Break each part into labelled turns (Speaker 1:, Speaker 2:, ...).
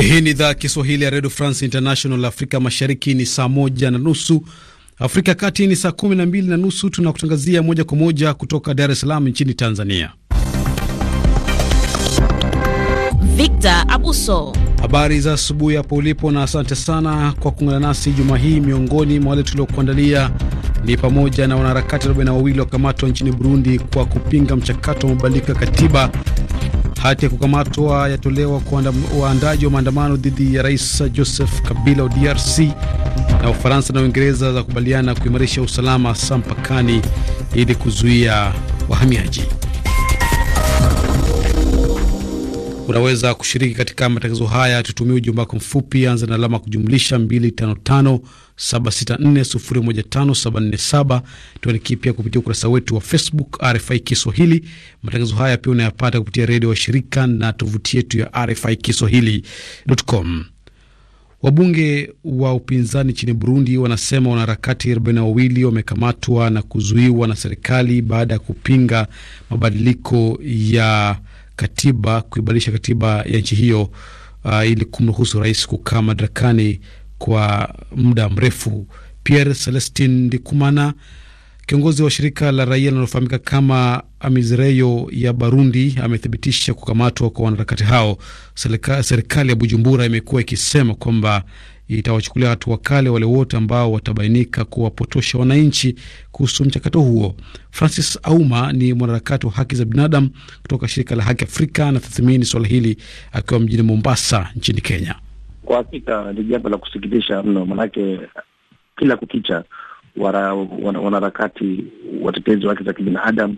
Speaker 1: Hii ni idhaa Kiswahili ya redio France International. Afrika Mashariki ni saa moja na nusu, Afrika Kati ni saa kumi na mbili na nusu. Tunakutangazia moja kwa moja kutoka Dar es Salaam nchini Tanzania.
Speaker 2: Victor Abuso,
Speaker 1: habari za asubuhi hapo ulipo, na asante sana kwa kuungana nasi juma hii. Miongoni mwa wale tuliokuandalia ni pamoja na wanaharakati arobaini na wawili wakamatwa nchini Burundi kwa kupinga mchakato wa mabadiliko ya katiba Hati ya kukamatwa yatolewa kwa waandaji wa maandamano dhidi ya Rais Joseph Kabila wa DRC, na Ufaransa na Uingereza za kubaliana kuimarisha usalama saa mpakani ili kuzuia wahamiaji. unaweza kushiriki katika matangazo haya, tutumie ujumbe wako mfupi, anza na alama kujumlisha 255764015747. Tuandikie pia kupitia ukurasa wetu wa Facebook RFI Kiswahili. Matangazo haya pia unayapata kupitia redio wa shirika na tovuti yetu ya RFI Kiswahili.com. Wabunge wa upinzani nchini Burundi wanasema wanaharakati 42 wawili wamekamatwa na kuzuiwa na serikali baada ya kupinga mabadiliko ya katiba kuibadilisha katiba ya nchi hiyo uh, ili kumruhusu rais kukaa madarakani kwa muda mrefu. Pierre Celestin Ndikumana, kiongozi wa shirika la raia linalofahamika kama Amizreyo ya Barundi, amethibitisha kukamatwa kwa wanaharakati hao. Serikali ya Bujumbura imekuwa ikisema kwamba itawachukulia hatua kali wale wote ambao watabainika kuwapotosha wananchi kuhusu mchakato huo. Francis Auma ni mwanaharakati wa haki za binadamu kutoka shirika la Haki Afrika, anatathmini suala hili akiwa mjini Mombasa nchini Kenya.
Speaker 3: Kwa hakika
Speaker 4: ni jambo la kusikitisha mno, manake kila kukicha wanaharakati watetezi wa haki za kibinadamu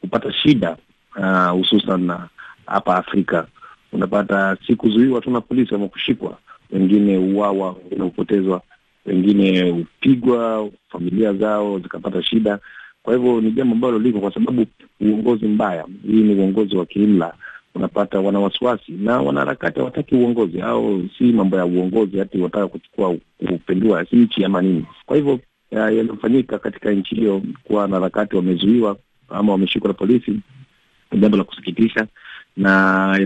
Speaker 4: hupata shida uh, hususan uh, hapa Afrika unapata si kuzuiwa tu na polisi ama kushikwa wengine uwawa, wengine hupotezwa, wengine hupigwa, familia zao zikapata shida. Kwa hivyo ni jambo ambalo liko kwa sababu uongozi mbaya. Hii ni uongozi wa kiimla, unapata wana wasiwasi na wanaharakati hawataki uongozi, au si mambo ya uongozi hati wataka kuchukua kupindua nchi ama nini. Kwa hivyo yaliyofanyika katika nchi hiyo kuwa wanaharakati wamezuiwa ama wameshikwa na polisi, ni jambo la kusikitisha, na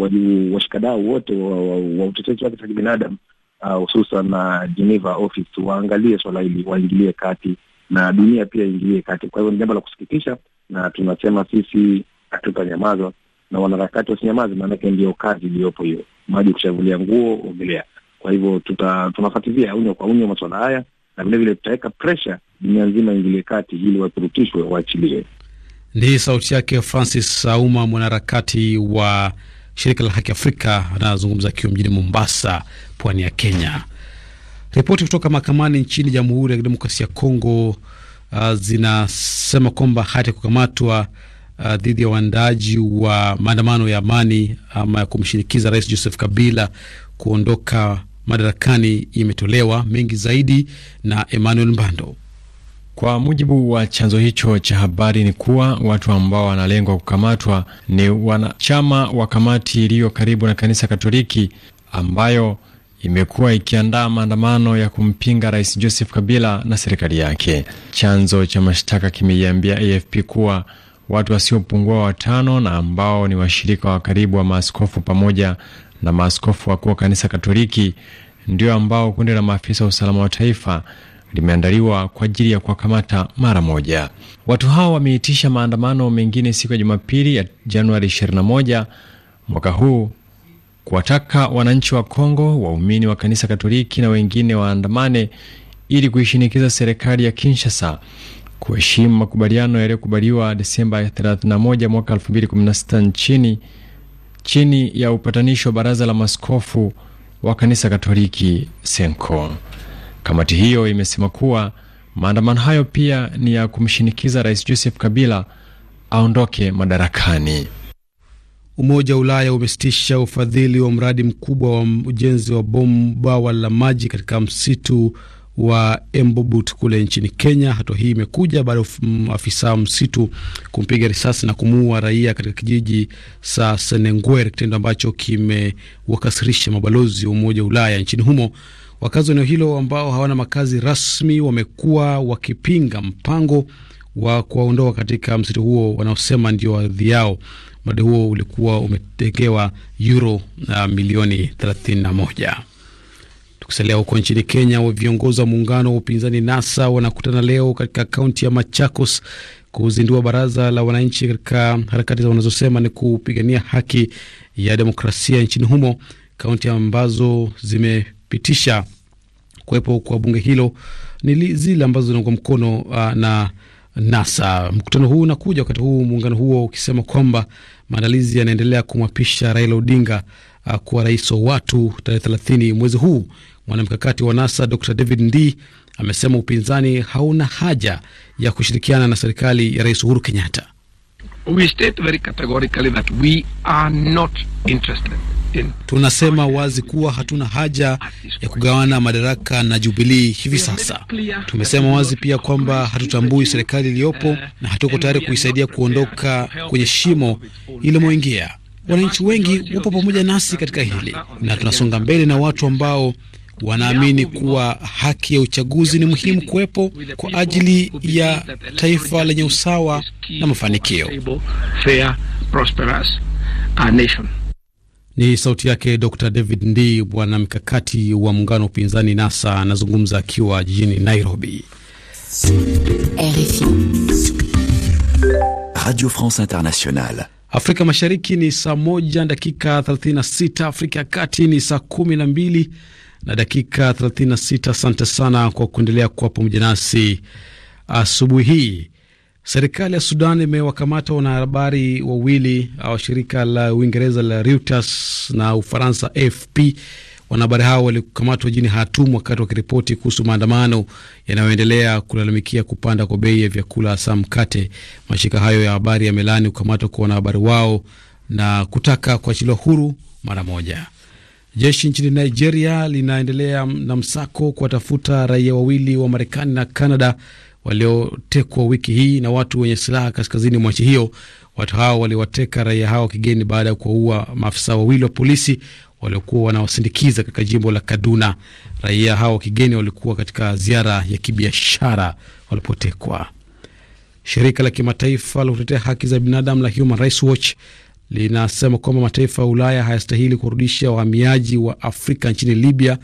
Speaker 4: wajuu washikadau wote wa utetezi wa haki za kibinadamu uh, hususan na uh, Geneva office waangalie swala hili, waingilie kati na dunia pia iingilie kati. Kwa hivyo ni jambo la kusikitisha, na tunasema sisi hatutanyamaza na wanaharakati wasinyamazi maanake ndio kazi iliyopo hiyo, maji kushavulia nguo ogelea. Kwa hivyo tunafuatilia unyo kwa unyo maswala haya, na vilevile tutaweka presha dunia nzima iingilie kati ili wapurutishwe, waachilie
Speaker 1: ni sauti yake Francis Auma, mwanaharakati wa shirika la Haki Afrika, anazungumza akiwa mjini Mombasa, pwani ya Kenya. Ripoti kutoka mahakamani nchini Jamhuri ya Kidemokrasia ya Kongo uh, zinasema kwamba hati ya kukamatwa uh, dhidi ya waandaaji wa maandamano ya amani ama ya kumshinikiza Rais Joseph Kabila kuondoka
Speaker 5: madarakani imetolewa. Mengi zaidi na Emmanuel Mbando. Kwa mujibu wa chanzo hicho cha habari ni kuwa watu ambao wanalengwa kukamatwa ni wanachama wa kamati iliyo karibu na kanisa Katoliki ambayo imekuwa ikiandaa maandamano ya kumpinga Rais Joseph Kabila na serikali yake. Chanzo cha mashtaka kimeiambia AFP kuwa watu wasiopungua watano na ambao ni washirika wa karibu wa maaskofu pamoja na maaskofu wakuu wa kanisa Katoliki ndio ambao kundi la maafisa wa usalama wa taifa limeandaliwa kwa ajili ya kuwakamata mara moja. Watu hao wameitisha maandamano mengine siku ya Jumapili ya Januari 21 mwaka huu kuwataka wananchi wa Kongo, waumini wa kanisa Katoliki na wengine waandamane ili kuishinikiza serikali ya Kinshasa kuheshimu makubaliano yaliyokubaliwa Desemba 31 mwaka 2016 nchini chini ya upatanisho wa baraza la maskofu wa kanisa Katoliki Senko. Kamati hiyo imesema kuwa maandamano hayo pia ni ya kumshinikiza Rais Joseph Kabila aondoke madarakani.
Speaker 1: Umoja wa Ulaya umesitisha ufadhili wa mradi mkubwa wa ujenzi wa bombawa la maji katika msitu wa Embobut kule nchini Kenya. Hatua hii imekuja baada ya afisa msitu kumpiga risasi na kumuua raia katika kijiji cha Senengwer, kitendo ambacho kimewakasirisha mabalozi wa Umoja wa Ulaya nchini humo. Wakazi wa eneo hilo ambao hawana makazi rasmi wamekuwa wakipinga mpango wa kuwaondoa katika msitu huo wanaosema ndio ardhi yao. Mradi huo ulikuwa umetengewa euro uh, na milioni 31. Tukisalia huko nchini Kenya, viongozi wa muungano wa upinzani NASA wanakutana leo katika kaunti ya Machakos kuzindua baraza la wananchi katika harakati za wanazosema ni kupigania haki ya demokrasia nchini humo, kaunti ambazo zime kupitisha kuwepo kwa bunge hilo ni zile ambazo zinaungwa mkono uh, na NASA. Mkutano huu unakuja wakati huu muungano huo ukisema kwamba maandalizi yanaendelea kumwapisha Raila Odinga uh, kuwa rais wa watu tarehe thelathini mwezi huu. Mwanamkakati wa NASA Dr David nd amesema upinzani hauna haja ya kushirikiana na serikali ya Rais Uhuru Kenyatta.
Speaker 6: We state very categorically that we are not interested
Speaker 1: tunasema wazi kuwa hatuna haja ya kugawana madaraka na Jubilii hivi sasa. Tumesema wazi pia kwamba hatutambui serikali iliyopo na hatuko tayari kuisaidia kuondoka kwenye shimo ilimoingia. Wananchi wengi wapo pamoja nasi katika hili, na tunasonga mbele na watu ambao wanaamini kuwa haki ya uchaguzi ni muhimu kuwepo kwa ajili ya taifa lenye usawa na mafanikio. Ni sauti yake Dr David Ndi, bwana mkakati wa muungano wa upinzani NASA, anazungumza akiwa jijini Nairobi.
Speaker 5: RFI Radio France Internationale.
Speaker 1: Afrika Mashariki ni saa moja dakika 36, Afrika ya Kati ni saa 12 na dakika 36. Asante sana kwa kuendelea kuwa pamoja nasi asubuhi hii. Serikali ya Sudan imewakamata wanahabari wawili wa shirika la Uingereza la Reuters na Ufaransa AFP. Wanahabari hao walikamatwa jini Hatum wakati wakiripoti kuhusu maandamano yanayoendelea kulalamikia kupanda kwa bei ya vyakula, hasa mkate. Mashirika hayo ya habari yamelaani kukamatwa kwa wanahabari wao na kutaka kuachiliwa huru mara moja. Jeshi nchini Nigeria linaendelea na msako kuwatafuta raia wawili wa Marekani na canada waliotekwa wiki hii na watu wenye silaha kaskazini mwa nchi hiyo. Watu hao waliwateka raia hao wa kigeni baada ya kuwaua maafisa wawili wa polisi waliokuwa wanawasindikiza katika jimbo la Kaduna. Raia hao wa kigeni walikuwa katika ziara ya kibiashara walipotekwa. Shirika la kimataifa la kutetea haki za binadamu la Human Rights Watch linasema kwamba mataifa ya Ulaya hayastahili kurudisha wahamiaji wa Afrika nchini Libya.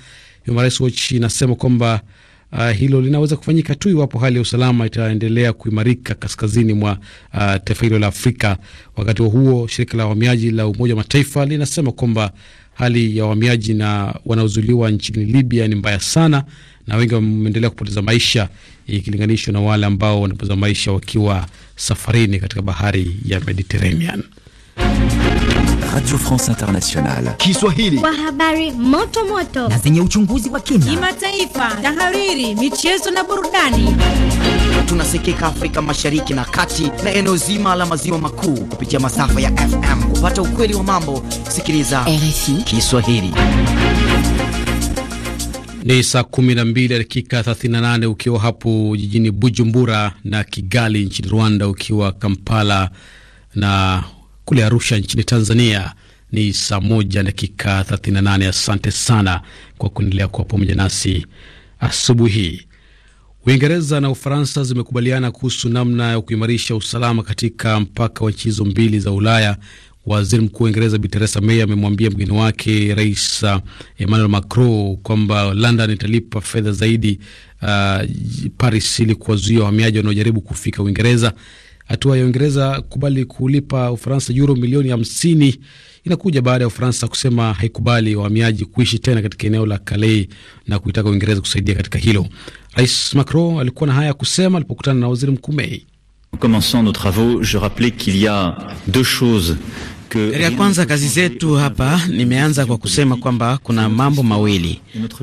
Speaker 1: Human Rights Watch inasema kwamba uh, hilo linaweza kufanyika tu iwapo hali ya usalama itaendelea kuimarika kaskazini mwa uh, taifa hilo la Afrika. Wakati wa huo, shirika la wahamiaji la Umoja wa Mataifa linasema kwamba hali ya wahamiaji na wanaozuliwa nchini Libya ni mbaya sana, na wengi wameendelea kupoteza maisha ikilinganishwa na wale ambao wanapoteza maisha wakiwa safarini katika bahari ya Mediterranean.
Speaker 7: Radio France Internationale. Kiswahili. Kwa
Speaker 5: habari moto moto na zenye
Speaker 7: uchunguzi wa kina, kimataifa, tahariri, michezo na burudani.
Speaker 2: Tunasikika Afrika Mashariki na Kati na eneo zima la maziwa makuu kupitia masafa ya FM. Kupata ukweli wa mambo, sikiliza RFI Kiswahili.
Speaker 1: Ni saa 12 dakika 38 ukiwa hapo jijini Bujumbura na Kigali nchini Rwanda, ukiwa Kampala na kule Arusha nchini Tanzania ni saa moja dakika 38. Asante sana kwa kuendelea kuwa pamoja nasi asubuhi hii. Uingereza na Ufaransa zimekubaliana kuhusu namna ya kuimarisha usalama katika mpaka wa nchi hizo mbili za Ulaya. Waziri Mkuu wa Uingereza Bi Theresa May amemwambia mgeni wake Rais uh, Emmanuel Macron kwamba London italipa fedha zaidi uh, Paris ili kuwazuia wahamiaji wanaojaribu kufika Uingereza. Hatua ya Uingereza kubali kulipa Ufaransa yuro milioni hamsini inakuja baada ya Ufaransa kusema haikubali wahamiaji kuishi tena katika eneo la Calais na kuitaka Uingereza kusaidia katika hilo. Rais Macron alikuwa na haya ya kusema alipokutana na waziri
Speaker 2: mkuu Mei ya kwanza kazi zetu hapa, nimeanza kwa kusema kwamba kuna mambo mawili,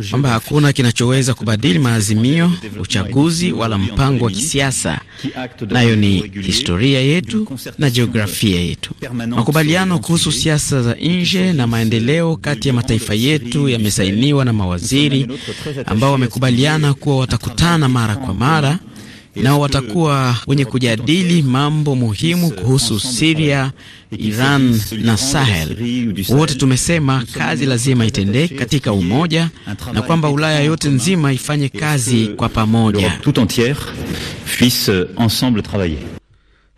Speaker 2: kwamba hakuna kinachoweza kubadili maazimio, uchaguzi wala mpango wa kisiasa, nayo ni historia yetu na jiografia yetu. Makubaliano kuhusu siasa za nje na maendeleo kati ya mataifa yetu yamesainiwa na mawaziri ambao wamekubaliana kuwa watakutana mara kwa mara nao watakuwa wenye kujadili mambo muhimu uh, kuhusu Siria, uh, Iran na Sahel. Wote tumesema kazi uh, lazima itendeke katika umoja na kwamba Ulaya yote nzima ifanye kazi kwa pamoja. Euh,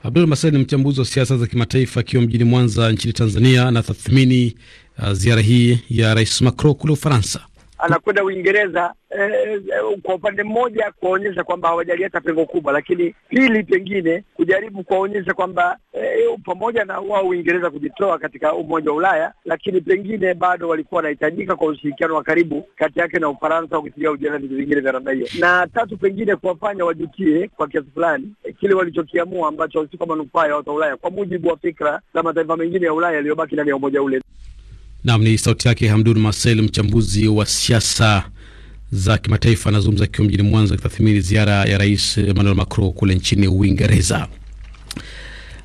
Speaker 1: Abdul Masad ni mchambuzi wa siasa za kimataifa akiwa mjini Mwanza nchini Tanzania, anatathmini uh, ziara hii ya Rais Macron kule Ufaransa
Speaker 6: anakwenda Uingereza eh, kwa upande mmoja kuwaonyesha kwamba hawajali hata pengo kubwa, lakini pili, pengine kujaribu kuwaonyesha kwamba eh, pamoja na wao Uingereza kujitoa katika Umoja wa Ulaya, lakini pengine bado walikuwa wanahitajika kwa ushirikiano wa karibu kati yake na Ufaransa, ukitilia ujana vitu vingine vya namna hiyo, na tatu, pengine kuwafanya wajutie kwa kiasi fulani eh, kile walichokiamua ambacho si kwa manufaa ya watu wa Ulaya, kwa mujibu wa fikra za mataifa mengine ya Ulaya yaliyobaki ndani ya umoja ule.
Speaker 1: Nam ni sauti yake Hamdun masel mchambuzi wa siasa za kimataifa, anazungumza akiwa mjini Mwanza akitathmini ziara ya Rais Emmanuel Macron kule nchini Uingereza.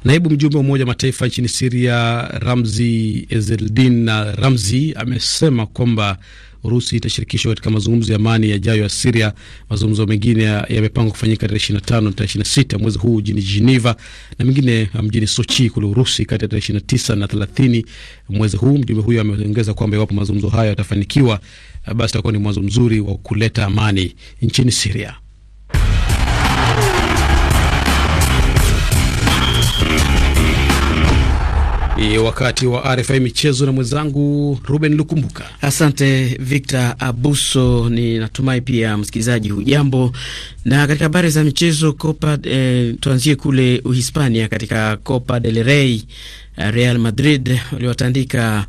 Speaker 1: Naibu mjumbe wa Umoja wa Mataifa nchini Siria Ramzi Ezeldin na Ramzi amesema kwamba Urusi itashirikishwa katika mazungumzo ya amani yajayo ya Siria. Mazungumzo mengine yamepangwa kufanyika tarehe 25 na tarehe 26 mwezi huu jini Geneva na mengine uh, mjini Sochi kule Urusi kati ya tarehe 29 na 30 mwezi huu. Mjumbe huyo ameongeza kwamba iwapo mazungumzo hayo yatafanikiwa, uh, basi itakuwa ni mwanzo mzuri wa kuleta amani nchini Siria. E, wakati
Speaker 2: wa RFI michezo na mwenzangu Ruben Lukumbuka. Asante Victor Abuso, ninatumai pia msikilizaji hujambo. Na katika habari za michezo Copa, eh, tuanzie kule Uhispania katika Copa del Rey, Real Madrid waliwatandika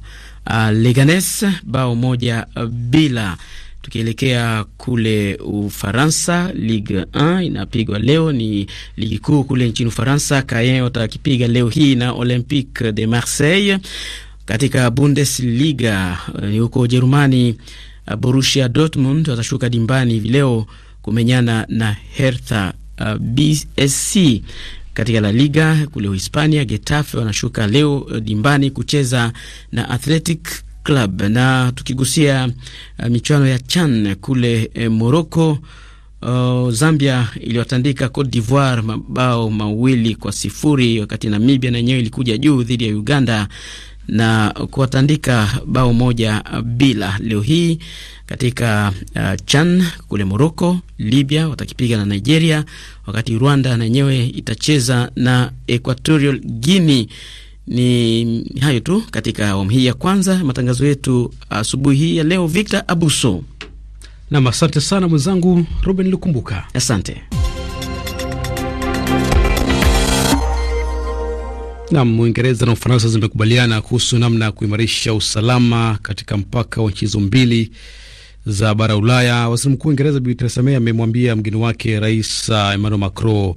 Speaker 2: uh, Leganes bao moja bila Tukielekea kule Ufaransa, Ligue 1 inapigwa leo, ni ligi kuu kule nchini Ufaransa. Kayen watakipiga leo hii na Olympique de Marseille. Katika Bundesliga eh, ni huko Ujerumani, eh, Borussia Dortmund watashuka dimbani hivi leo kumenyana na Hertha eh, BSC. Katika La Liga kule Uhispania, Getafe wanashuka leo dimbani kucheza na Athletic Club. Na tukigusia uh, michuano ya CHAN kule eh, Morocco uh, Zambia iliwatandika Cote d'Ivoire mabao mawili kwa sifuri, wakati Namibia na yenyewe ilikuja juu dhidi ya Uganda na kuwatandika bao moja bila. Leo hii katika uh, CHAN kule Morocco, Libya watakipiga na Nigeria, wakati Rwanda na yenyewe itacheza na Equatorial Guinea. Ni hayo tu katika awamu hii ya kwanza matangazo yetu asubuhi hii ya leo. Victor Abuso nam, asante sana mwenzangu Ruben Lukumbuka, asante
Speaker 1: nam. Uingereza na Ufaransa zimekubaliana kuhusu namna ya kuimarisha usalama katika mpaka wa nchi hizo mbili za bara Ulaya. Waziri Mkuu wa Uingereza Bi Theresa May amemwambia mgeni wake Rais uh, Emmanuel Macron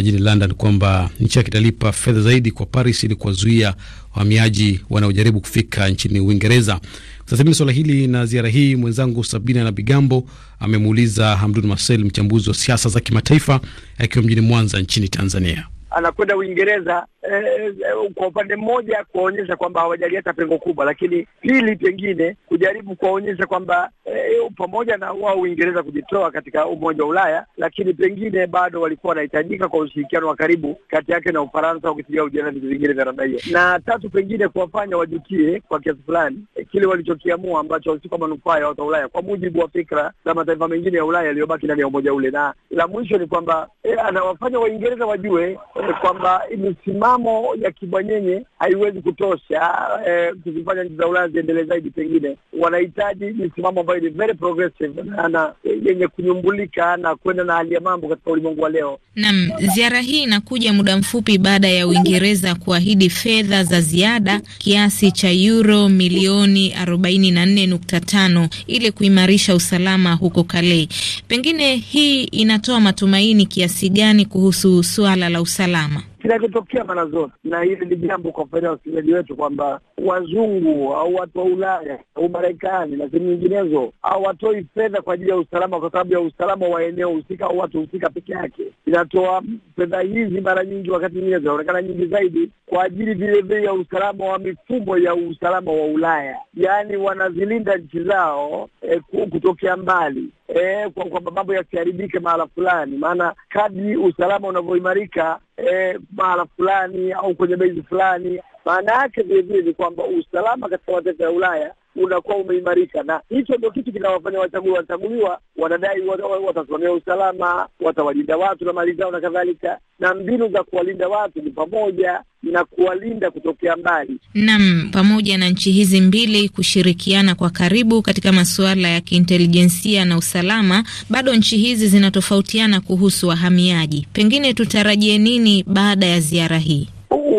Speaker 1: jijini London kwamba nchi yake italipa fedha zaidi kwa Paris ili kuwazuia wahamiaji wanaojaribu kufika nchini Uingereza. Kutathmini suala hili na ziara hii, mwenzangu Sabina na Bigambo amemuuliza Hamdun Marcel, mchambuzi wa siasa za kimataifa, akiwa mjini Mwanza nchini Tanzania.
Speaker 6: Anakwenda Uingereza eh, kwa upande mmoja kuwaonyesha kwamba hawajali hata pengo kubwa, lakini pili, pengine kujaribu kuwaonyesha kwamba eh, pamoja na wao Uingereza kujitoa katika umoja wa Ulaya, lakini pengine bado walikuwa wanahitajika kwa ushirikiano wa karibu kati yake na Ufaransa, wakitilia ujana vitu vingine vya namna hiyo, na tatu, pengine kuwafanya wajutie kwa kiasi fulani eh, kile walichokiamua ambacho si kwa manufaa ya watu wa Ulaya, kwa mujibu wa fikra za mataifa mengine ya Ulaya yaliyobaki ndani ya umoja ule, na la mwisho ni kwamba eh, anawafanya Waingereza wajue eh, kwamba imesimama misimamo ya kibwanyenye haiwezi kutosha eh, kuzifanya nchi za Ulaya ziendelee zaidi. Pengine wanahitaji misimamo ambayo ni very progressive na yenye kunyumbulika na kwenda na hali ya mambo katika ulimwengu wa leo.
Speaker 7: Naam,
Speaker 2: ziara hii inakuja muda mfupi baada ya Uingereza kuahidi fedha za ziada kiasi cha euro milioni arobaini na nne nukta tano ili kuimarisha usalama huko kalei Pengine hii inatoa matumaini kiasi gani kuhusu suala la usalama?
Speaker 6: kinachotokea mara zote, na hili ni jambo kwa faida ya wasikilizaji wetu kwamba wazungu au watu wa Ulaya au Marekani na sehemu nyinginezo hawatoi fedha kwa ajili ya usalama, kwa sababu ya usalama wa eneo husika au watu husika peke yake. Inatoa fedha hizi mara nyingi, wakati mwingine zinaonekana nyingi zaidi kwa ajili vilevile ya usalama wa mifumo ya usalama wa Ulaya, yaani wanazilinda nchi zao eh, kutokea mbali e, kwamba mambo yasiharibike mahala fulani, maana kadri usalama unavyoimarika e, mahala fulani au kwenye bezi fulani maana yake vile vile ni kwamba usalama katika mataifa ya Ulaya unakuwa umeimarika, na hicho ndio kitu kinawafanya wachaguliwa watachaguliwa, wanadai watasimamia usalama, watawalinda watu na mali zao na kadhalika. Na mbinu za kuwalinda watu ni pamoja na kuwalinda kutokea mbali.
Speaker 7: Naam,
Speaker 2: pamoja na nchi hizi mbili kushirikiana kwa karibu katika masuala ya kiintelijensia na usalama, bado nchi hizi zinatofautiana kuhusu wahamiaji. Pengine
Speaker 7: tutarajie nini baada ya ziara hii?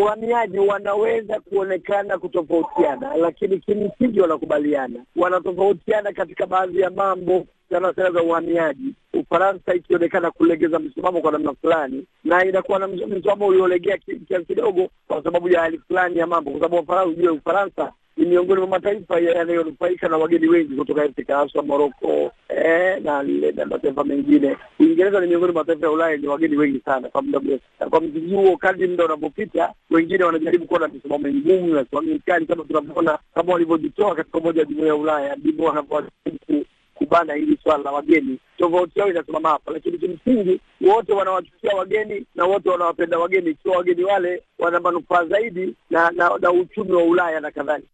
Speaker 6: uhamiaji wanaweza kuonekana kutofautiana, lakini kimsingi wanakubaliana, wanatofautiana katika baadhi ya mambo sana sana za uhamiaji. Ufaransa ikionekana kulegeza msimamo kwa namna fulani, na inakuwa na msimamo uliolegea kiasi kidogo, kwa sababu ya hali fulani ya mambo, kwa sababu Wafaransa, ujue Ufaransa ni miongoni mwa mataifa yanayonufaika na wageni wengi kutoka Afrika, hasa Moroko eh, na na mataifa mengine. Uingereza ni miongoni mwa mataifa ya Ulaya yenye wageni wengi sana kwa muda mrefu, na kwa msingi huo, kadri muda unavyopita, wengine wanajaribu kuwa na misimamo migumu na misimamo mikali, kama tunavyoona, kama walivyojitoa katika Umoja wa Jumuiya ya Ulaya, ndivyo wanavyowajaribu kubana hili swala la wageni. Tofauti yao inasimama hapa, lakini
Speaker 2: kimsingi
Speaker 6: wote wanawachukia wageni na wote wanawapenda wageni, ikiwa wageni wale wana manufaa zaidi na, na, na uchumi wa Ulaya na kadhalika.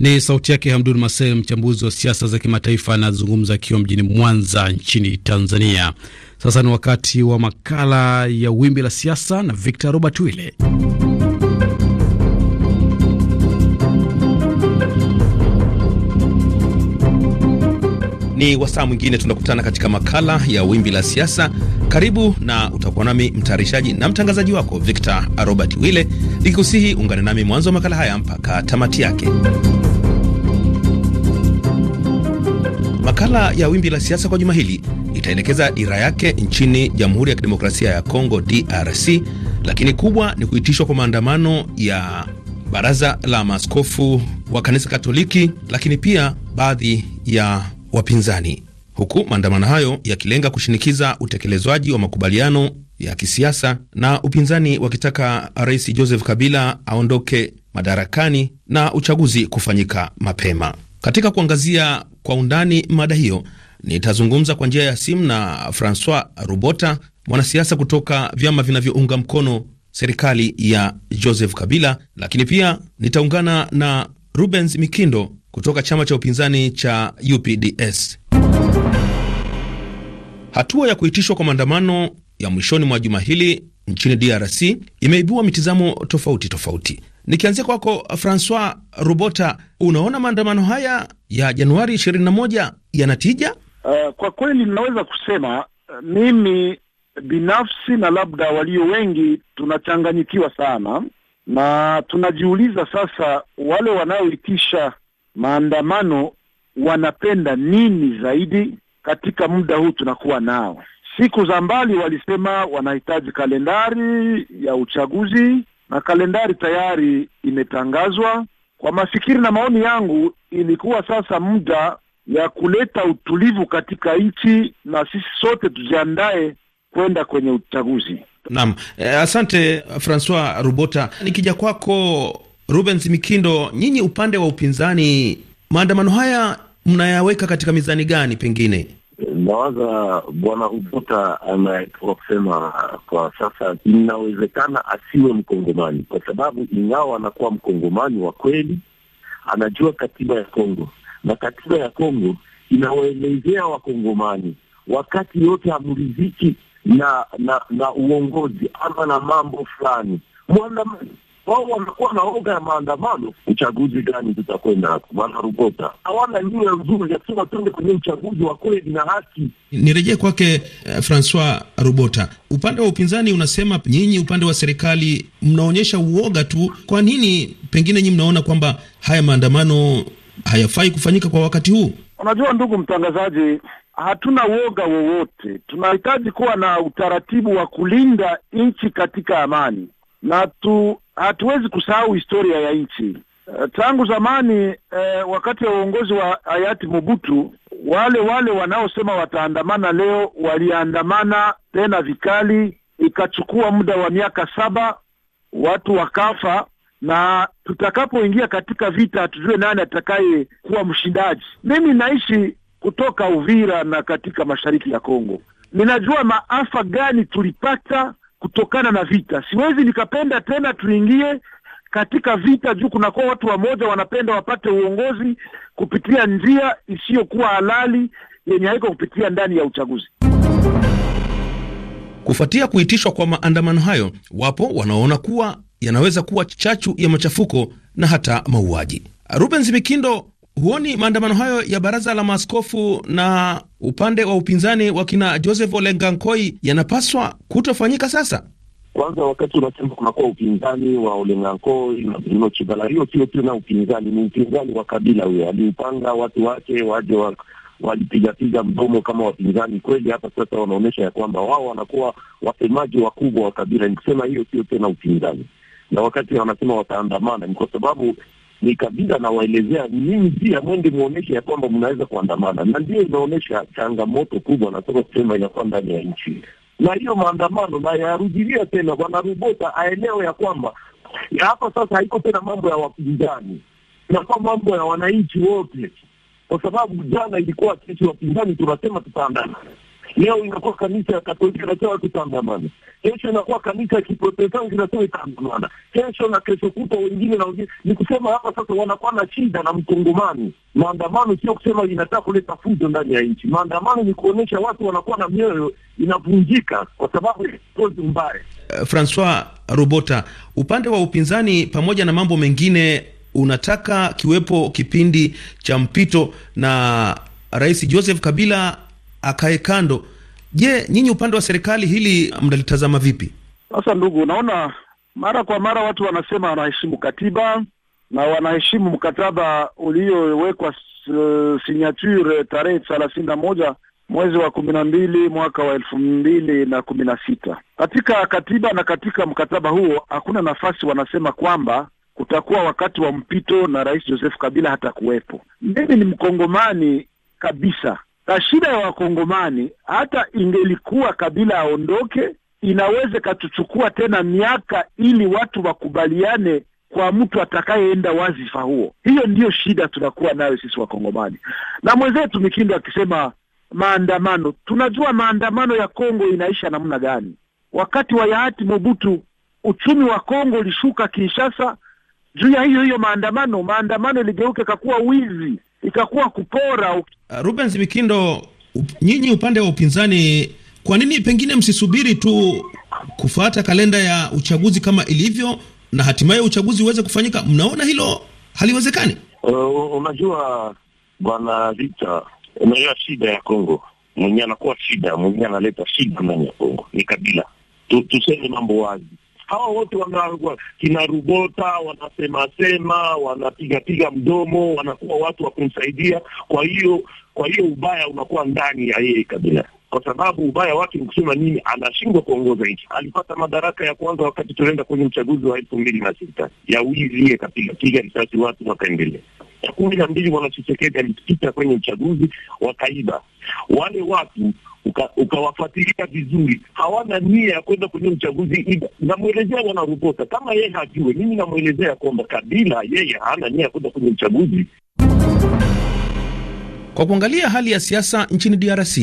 Speaker 1: Ni sauti yake Hamdun Masel, mchambuzi wa siasa za kimataifa, anazungumza akiwa mjini Mwanza nchini Tanzania. Sasa ni wakati wa makala ya Wimbi la Siasa na Victor Robert Wille.
Speaker 8: Ni wasaa mwingine tunakutana katika makala ya wimbi la siasa. Karibu na utakuwa nami mtayarishaji na mtangazaji wako Victor Robert Wille, nikikusihi ungane nami mwanzo wa makala haya mpaka tamati yake. Makala ya Wimbi la Siasa kwa juma hili itaelekeza dira yake nchini Jamhuri ya Kidemokrasia ya Kongo, DRC, lakini kubwa ni kuitishwa kwa maandamano ya baraza la maaskofu wa kanisa Katoliki, lakini pia baadhi ya wapinzani, huku maandamano hayo yakilenga kushinikiza utekelezwaji wa makubaliano ya kisiasa na upinzani wakitaka Rais Joseph Kabila aondoke madarakani na uchaguzi kufanyika mapema. Katika kuangazia kwa undani mada hiyo, nitazungumza kwa njia ya simu na Francois Rubota, mwanasiasa kutoka vyama vinavyounga mkono serikali ya Joseph Kabila, lakini pia nitaungana na Rubens Mikindo kutoka chama cha upinzani cha UPDS. Hatua ya kuitishwa kwa maandamano ya mwishoni mwa juma hili nchini DRC imeibua mitizamo tofauti tofauti. Nikianzia kwako Francois Robota, unaona maandamano haya ya Januari ishirini na moja yana tija?
Speaker 9: Uh, kwa kweli ninaweza kusema eh, mimi binafsi na labda walio wengi tunachanganyikiwa sana, na tunajiuliza sasa, wale wanaoitisha maandamano wanapenda nini zaidi katika muda huu tunakuwa nao. Siku za mbali walisema wanahitaji kalendari ya uchaguzi na kalendari tayari imetangazwa. Kwa mafikiri na maoni yangu, ilikuwa sasa muda ya kuleta utulivu katika nchi na sisi sote tujiandae kwenda kwenye uchaguzi.
Speaker 8: Naam, e, asante Francois Rubota. Nikija kwako Rubens Mikindo, nyinyi upande wa upinzani, maandamano haya mnayaweka katika mizani gani? Pengine
Speaker 3: nawaza Bwana Rubuta anayetoka kusema kwa sasa, inawezekana asiwe Mkongomani kwa sababu ingawa anakuwa Mkongomani wa kweli, anajua katiba ya Kongo na katiba ya Kongo inawaelezea Wakongomani wakati yote amriziki na, na na uongozi ama na mambo fulani mwandamani wao wamekuwa na oga ya maandamano. Uchaguzi gani tutakwenda? Bwana Rugota
Speaker 8: hawana nia nzuri ya kusema tuende kwenye uchaguzi wa kweli na haki. Nirejee kwake uh, Francois Rubota, upande wa upinzani unasema nyinyi, upande wa serikali mnaonyesha uoga tu. Kwa nini pengine nyinyi mnaona kwamba haya maandamano hayafai kufanyika kwa wakati huu?
Speaker 9: Unajua ndugu mtangazaji, hatuna uoga wowote. Tunahitaji kuwa na utaratibu wa kulinda nchi katika amani na tu hatuwezi kusahau historia ya nchi eh, tangu zamani eh, wakati wa uongozi wa hayati Mobutu, wale wale wanaosema wataandamana leo waliandamana tena vikali, ikachukua muda wa miaka saba, watu wakafa. Na tutakapoingia katika vita, hatujue nani atakaye kuwa mshindaji. Mimi naishi kutoka Uvira na katika mashariki ya Kongo, ninajua maafa gani tulipata kutokana na vita. Siwezi nikapenda tena tuingie katika vita juu kunakuwa watu wamoja wanapenda wapate uongozi kupitia njia isiyokuwa halali yenye haiko kupitia ndani ya uchaguzi.
Speaker 8: Kufuatia kuitishwa kwa maandamano hayo, wapo wanaona kuwa yanaweza kuwa chachu ya machafuko na hata mauaji. Rubens Mikindo Huoni maandamano hayo ya baraza la maaskofu na upande wa upinzani wa kina Joseph Olengankoi yanapaswa kutofanyika sasa?
Speaker 3: Kwanza, wakati unasema kunakuwa upinzani wa Olengankoi na Bruno Chibala, hiyo sio tena upinzani, ni upinzani wa kabila. Huyo aliupanga watu wake waje wa walipigapiga mdomo kama wapinzani kweli. Hapa sasa wanaonyesha ya kwamba wao wanakuwa wasemaji wakubwa wa kabila. Nikisema hiyo sio tena upinzani na wakati wanasema wataandamana ni kwa sababu ni kabila nawaelezea nyinyi pia mwende mwonyeshe ya kwamba mnaweza kuandamana, na ndiyo inaonyesha changamoto kubwa natoka kusema inakuwa ndani ya nchi, na hiyo maandamano nayarudilia tena. Bwana Rubota aelewe ya kwamba hapa sasa haiko tena mambo ya wapinzani, inakuwa mambo ya wananchi wote, kwa sababu jana ilikuwa sisi wapinzani tunasema tutaandamana Leo inakuwa kanisa ya Katoliki inasema tutangamana, kesho inakuwa kanisa ya Kiprotestanti inasema itangamana, kesho na kesho kutwa wengine na wengine. Ni kusema hapa sasa wanakuwa na shida na Mkongomani. Maandamano sio kusema inataka kuleta fujo ndani ya nchi. Maandamano ni kuonyesha watu wanakuwa na mioyo inavunjika kwa sababu kozi mbaya.
Speaker 8: Uh, Francois Robota, upande wa upinzani, pamoja na mambo mengine, unataka kiwepo kipindi cha mpito na Rais Joseph Kabila akae kando. Je, nyinyi upande wa serikali hili mnalitazama vipi?
Speaker 9: Sasa ndugu, unaona mara kwa mara watu wanasema wanaheshimu katiba na wanaheshimu mkataba uliowekwa uh, signature tarehe thelathini na moja mwezi wa kumi na mbili mwaka wa elfu mbili na kumi na sita. Katika katiba na katika mkataba huo hakuna nafasi wanasema kwamba kutakuwa wakati wa mpito na Rais Joseph Kabila hatakuwepo. Mimi ni mkongomani kabisa na shida ya Wakongomani, hata ingelikuwa Kabila aondoke, inaweza ikatuchukua tena miaka ili watu wakubaliane kwa mtu atakayeenda wazifa huo. Hiyo ndiyo shida tunakuwa nayo sisi Wakongomani. Na mwenzetu Mikindo akisema maandamano, tunajua maandamano ya Kongo inaisha namna gani. Wakati wa hayati Mobutu uchumi wa Kongo ulishuka Kinshasa juu ya hiyo hiyo maandamano. Maandamano iligeuka kakuwa wizi, itakuwa kupora. Uh, Rubens Mikindo,
Speaker 8: nyinyi upande wa upinzani, kwa nini pengine msisubiri tu kufuata kalenda ya uchaguzi kama ilivyo na hatimaye uchaguzi uweze kufanyika? Mnaona hilo haliwezekani?
Speaker 3: Uh, unajua bwana vita unajua shida ya Kongo mwenye anakuwa shida mwenye analeta shida ndani ya Kongo ni kabila tu, tuseme mambo wazi hawa wote wana kina rubota wanasemasema, wanapigapiga mdomo, wanakuwa watu wa kumsaidia. Kwa hiyo kwa hiyo ubaya unakuwa ndani ya yeye kabila kwa sababu ubaya wake ni kusema nini, anashindwa kuongoza nchi. Alipata madaraka ya kwanza wakati tunaenda kwenye uchaguzi wa elfu mbili na sita ya wizi, kapiga piga risasi watu wakaendelea. Ya kumi na mbili Bwana alipita kwenye uchaguzi wakaiba wale watu ukawafuatilia uka vizuri. Hawana nia ya kwenda kwenye uchaguzi. Namwelezea bwana Rupota kama yeye hajue, mimi namwelezea kwamba Kabila yeye hana nia ya kwenda kwenye uchaguzi.
Speaker 8: Kwa kuangalia hali ya siasa nchini DRC,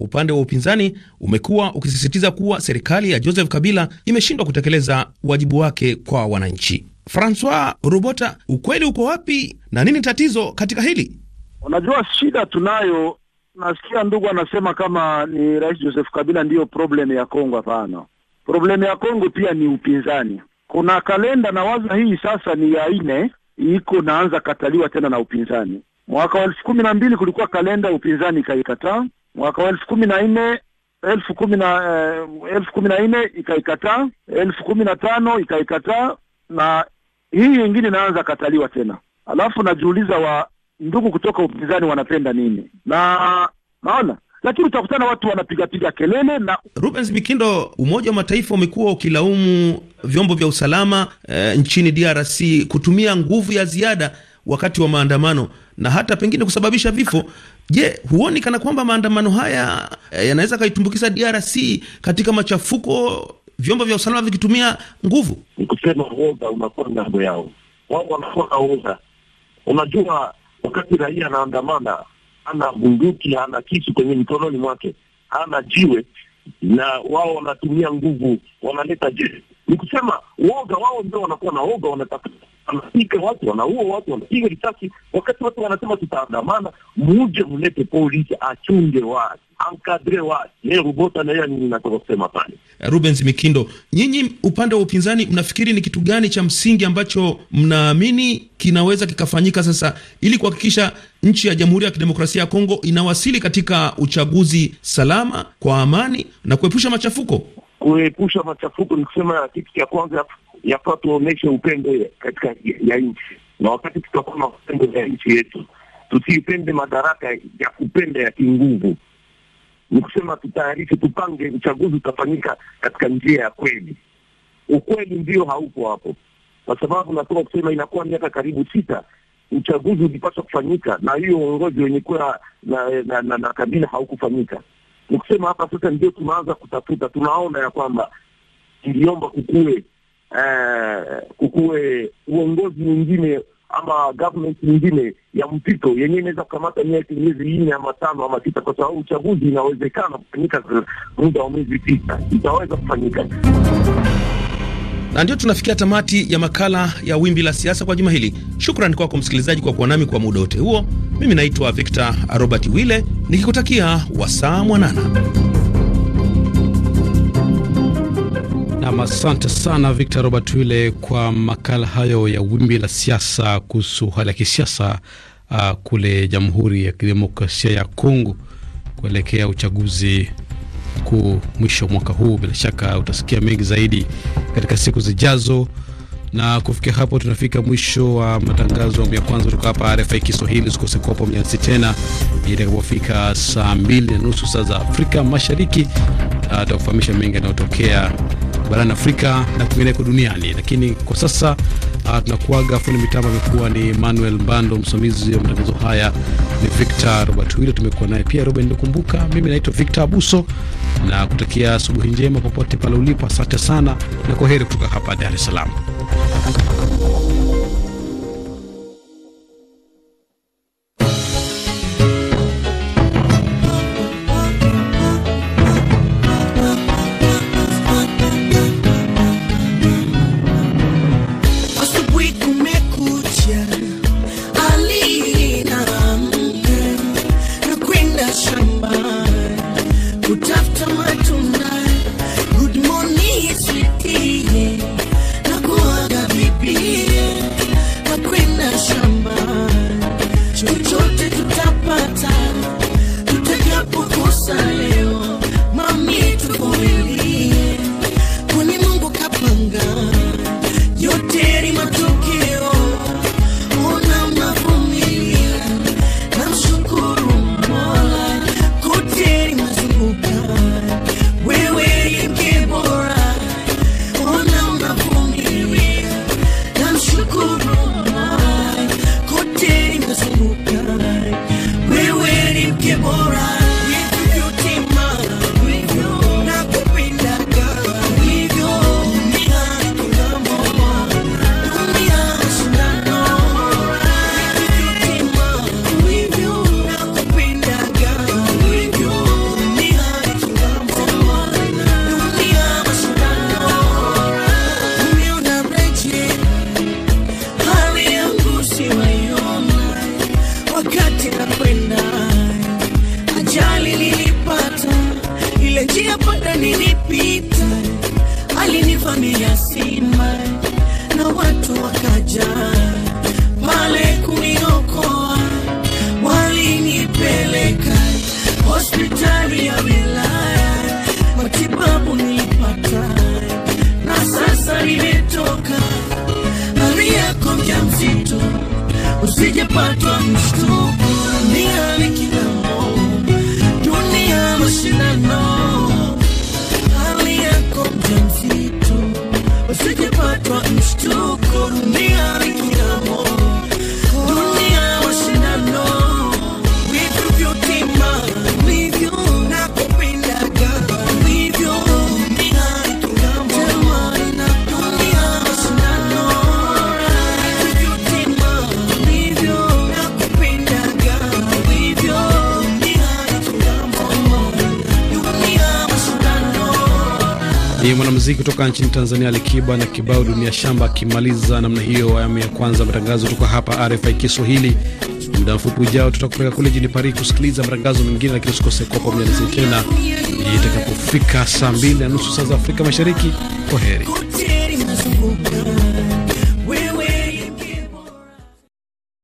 Speaker 8: upande wa upinzani umekuwa ukisisitiza kuwa serikali ya Joseph Kabila imeshindwa kutekeleza wajibu wake kwa wananchi. Francois Rubota, ukweli uko wapi
Speaker 9: na nini tatizo katika hili? Unajua, shida tunayo nasikia ndugu anasema kama ni Rais Joseph Kabila ndiyo problem ya Kongo. Hapana, problem ya Kongo pia ni upinzani. Kuna kalenda na waza hii sasa ni ya nne iko naanza kataliwa tena na upinzani. Mwaka wa elfu kumi na mbili kulikuwa kalenda upinzani ikaikataa, mwaka wa elfu kumi na nne elfu kumi na eh, elfu kumi na nne ikaikataa, elfu kumi na tano ikaikataa, na hii yingine inaanza kataliwa tena. Alafu najiuliza wa ndugu kutoka upinzani wanapenda nini na maona lakini utakutana watu wanapigapiga kelele na Rubens Mikindo. Umoja wa Mataifa umekuwa
Speaker 8: ukilaumu vyombo vya usalama e, nchini DRC kutumia nguvu ya ziada wakati wa maandamano na hata pengine kusababisha vifo. Je, huoni kana kwamba maandamano haya e, yanaweza kaitumbukiza DRC katika machafuko, vyombo vya usalama vikitumia nguvu? Ni kusema uoga unakuwa ngambo yao, wao wanakuwa na uoga.
Speaker 3: Unajua wakati raia anaandamana, hana bunduki, ana kisu kwenye mikononi mwake, ana jiwe, na wao wanatumia nguvu, wanaleta jeshi. Ni kusema woga, wao ndio wanakuwa na woga, wanatafuta anafika watu wanaua watu, wanapiga risasi, wakati watu wanasema tutaandamana, muje mlete polisi achunge watu ankadre watu. Ye Rubota na yeye ninatoka kusema pale.
Speaker 8: Eh, Rubens Mikindo, nyinyi upande wa upinzani mnafikiri ni kitu gani cha msingi ambacho mnaamini kinaweza kikafanyika sasa ili kuhakikisha nchi ya Jamhuri ya Kidemokrasia ya Kongo inawasili katika uchaguzi salama kwa amani na kuepusha machafuko?
Speaker 9: Kuepusha
Speaker 8: machafuko ni kusema kitu cha kwanza yafaa tuonyeshe upendo katika ya nchi, na wakati
Speaker 3: tutakuwa na upendo ya nchi yetu, tusiipende madaraka ya kupenda ya kinguvu. Ni kusema tutayarishe, tupange, uchaguzi utafanyika katika njia ya kweli. Ukweli ndio hauko hapo, kwa sababu natoka kusema inakuwa miaka karibu sita uchaguzi ulipaswa kufanyika na hiyo uongozi wenye kuwa na, na, na, na, kabila haukufanyika. Ni kusema hapa sasa ndio tunaanza kutafuta, tunaona ya kwamba iliomba kukue eh, kukuwe uongozi mwingine ama government nyingine ya mpito yenye inaweza kukamata miaka miezi nne ama tano ama sita, kwa sababu uchaguzi inawezekana kufanyika muda wa mwezi tisa, itaweza kufanyika.
Speaker 8: Na ndio tunafikia tamati ya makala ya Wimbi la Siasa kwa juma hili. Shukrani kwako msikilizaji kwa kuwa nami kwa muda wote huo. Mimi naitwa Victor Robert wille nikikutakia wasaa mwanana. Nam,
Speaker 1: asante sana Victor Robert Wile kwa makala hayo ya wimbi la siasa kuhusu hali ya kisiasa uh, kule Jamhuri ya Kidemokrasia ya Kongo kuelekea uchaguzi mkuu mwisho mwaka huu. Bila shaka utasikia mengi zaidi katika siku zijazo. Na kufikia hapo, tunafika mwisho wa matangazo ya kwanza kutoka hapa RFI Kiswahili. Usikose kuwa pamoja tena itakapofika saa mbili na nusu saa za Afrika Mashariki. Atakufahamisha mengi yanayotokea barani Afrika na kwingineko duniani. Lakini kwa sasa uh, tunakuaga. Fundi mitambo amekuwa ni Manuel Mbando, msimamizi wa matangazo haya ni Victor Robert Wile, tumekuwa naye pia Robert Ndokumbuka. Mimi naitwa Victor Abuso na kutakia asubuhi njema popote pale ulipo. Asante sana na kwa heri kutoka hapa Dar es Salaam. muziki kutoka nchini Tanzania Alikiba na kibao dunia shamba, akimaliza namna hiyo awamu ya kwanza matangazo kutoka hapa RFI Kiswahili. Muda mfupi ujao tutakupeleka kule jini Paris kusikiliza matangazo mengine, lakini usikose kuwa pamoja nasi tena itakapofika saa mbili na nusu saa za Afrika Mashariki. Kwa heri.